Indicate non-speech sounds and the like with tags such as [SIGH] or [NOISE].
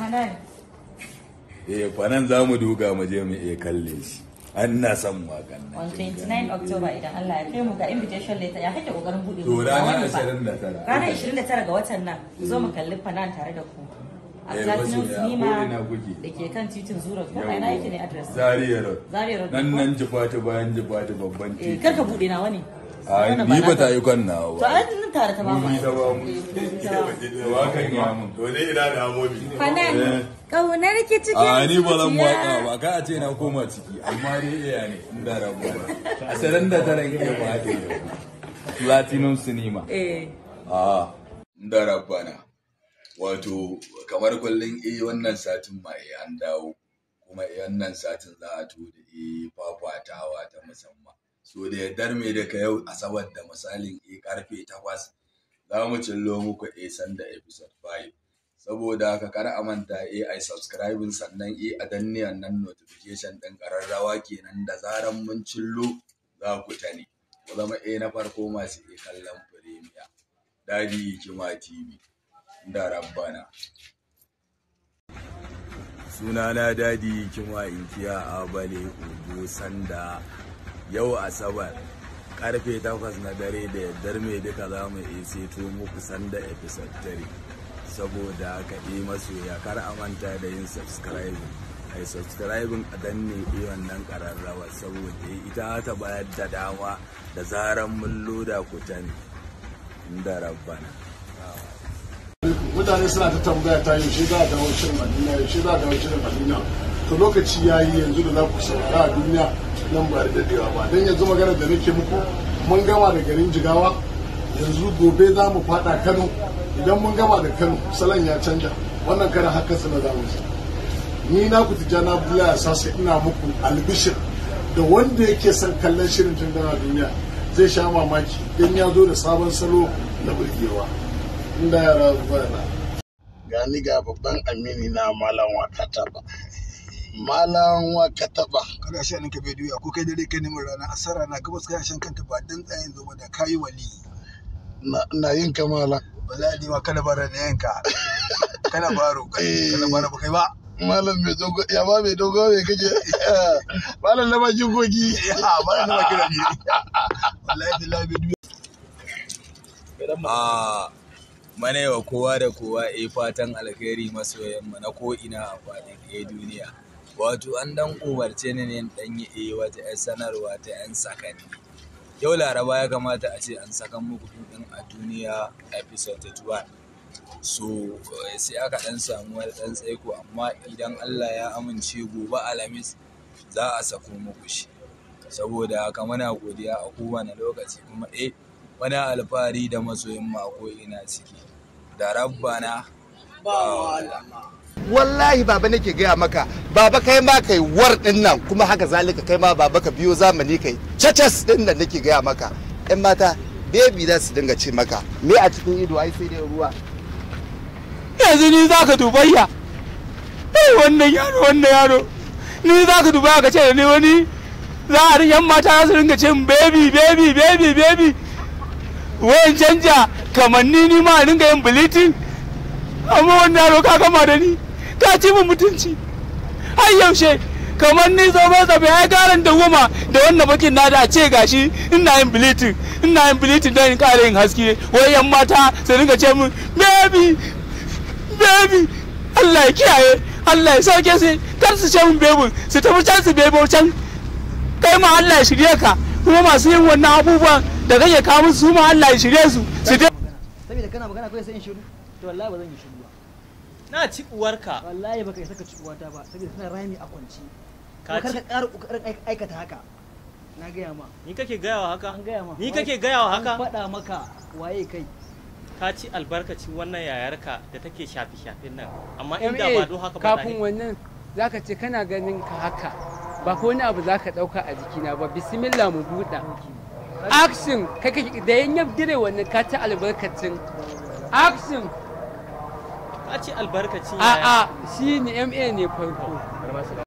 fanan eh fanan za mu duga mu je mu iya kalle shi an na son wakan on 29 october idan Allah ya kai mu ga invitation letter ya kake kokarin bude to ranar 29 ranar 29 ga watan nan zo mu kalli fanan tare da ku eh, a platinum cinema da ke kan titin zura ko ina yake ne address zaria road zaria road nan nan jifatu bayan jifatu babban titi eh, kar ka bude nawa ne a ni ba ta yi kan na ba to ai tare ta ba mu ta ba mu wa kan ya mun to dai ina da mobi fanan eh. kaunar ki cikin a ni ba zan waka ba ka a ce na koma ciki amma dai iya ne in da rabu ba a saran da ta rage ba ta yi platinum cinema eh a da rabbana wato kamar kullum eh wannan satin ma eh an dawo kuma eh wannan satin za a to da eh fafatawa ta musamman so da yardar mai daga yau asabar da misalin e karfe takwas za mu cillo muku A eh, sanda episode 5 saboda ka kar a manta eh, a ai subscribing sannan A a danne nan notification ɗin kararrawa kenan da zaran mun cillo za ku ta ne ku zama a na farko masu A kallon premier dadi kima tv da rabbana sunana dadi kima inkiya abale ugo sanda yau asabar karfe 8 na dare da yaddar mai duka za mu to muku sanda episode 3 saboda haka yi eh, masu kar amanta da yin a yi subscribe a danne yi eh, wannan kararrawa saboda eh, ita ta bayar da dama da zaran mun loda ku ta ne da rabbana mutane suna ta tambaya ta yi shi za a dawo madina shi za a dawo shirin madina to lokaci ya yi yanzu da za ku sauka a duniya nan ba da dadewa ba don yanzu magana da nake muku mun gama da garin jigawa yanzu gobe za mu fada kano idan mun gama da kano salon ya canja wannan karan haka suna zamu ni na ku na bula ya sai ina muku albishir da wanda yake son kallon shirin tun duniya zai sha mamaki don ya zo da sabon salo na burgewa inda yara zuwa na gani ga babban amini na malam ta ba malam wa ka taba kada shi ka bai duya ko kai dare kai neman rana asara na gabas kai shan kanta ba dan yanzu zo da kai wali na yin ka malam wala ni ma kana bara da yanka kada baro kada bara eh. ba kai ba malam mai dogo ya ba mai dogo mai kaje [LAUGHS] malam na ba kogi ya malam na kira ni wallahi billahi bai duya ah, mana yawa kowa da kowa a eh, fatan alkhairi masoyanmu na ina a faɗin duniya Wato an ɗan umarce ni ne dan yi eh wata 'yar sanarwa ta 'yan sakanni. Yau Laraba ya kamata a ce an sakan muku ɗin a duniya episode 21 So eh, sai aka ɗan samu wani ɗan tsaiko amma idan Allah ya amince gobe Alhamis za a sako muku shi. Saboda haka muna godiya a kowane lokaci kuma eh wani alfahari da masoyin mako ina ciki. Da rabbana ba wa wallahi baba nake gaya maka baba kai ma kai war din nan kuma haka zalika kai ma baba ka biyo zamani kai cacas din nan nake gaya maka yan mata bebi za su dinga ce maka me a cikin ido ai sai dai ruwa yanzu ni za ka dubayya ai wannan yaro wannan yaro ni za ka dubaya ka ce da ni wani za a yan mata za su dinga ce baby baby baby baby wayan canja kamanni ni ma a dinga yin bilitin amma wannan yaro ka gama da ni ka ci mu mutunci har yaushe kamar ni zo mai zabe ai garan da goma da wannan bakin na da ce gashi ina yin bilitin ina yin bilitin don in kare yin haske wai yan mata sai dinga ce min baby baby Allah ya kiyaye Allah ya sauke su kar su ce min baby su tafi can su bebo can kai ma Allah ya shirye ka kuma masu yin wannan abubuwan da kake kawo musu su ma Allah ya shirye su su saboda kana magana kai sai in shiru to wallahi ba zan yi shiru ba na ci uwarka wallahi baka isa ka ci uwata ba saboda suna rami a kwance ka ci ka ƙara aikata haka na gaya ma ni kake gaya wa haka an gaya ma ni kake gaya wa haka an faɗa maka waye kai ka ci albarkacin wannan yayarka da take shafi shafin nan amma inda ba do haka ba kafin wannan zaka ce kana ganin ka haka ba ko wani abu zaka dauka a jikina ba bismillah mu buɗa action kai da yan yabdire wannan ka ci albarkacin action a ce albarkaci a a shi ne ma ne farko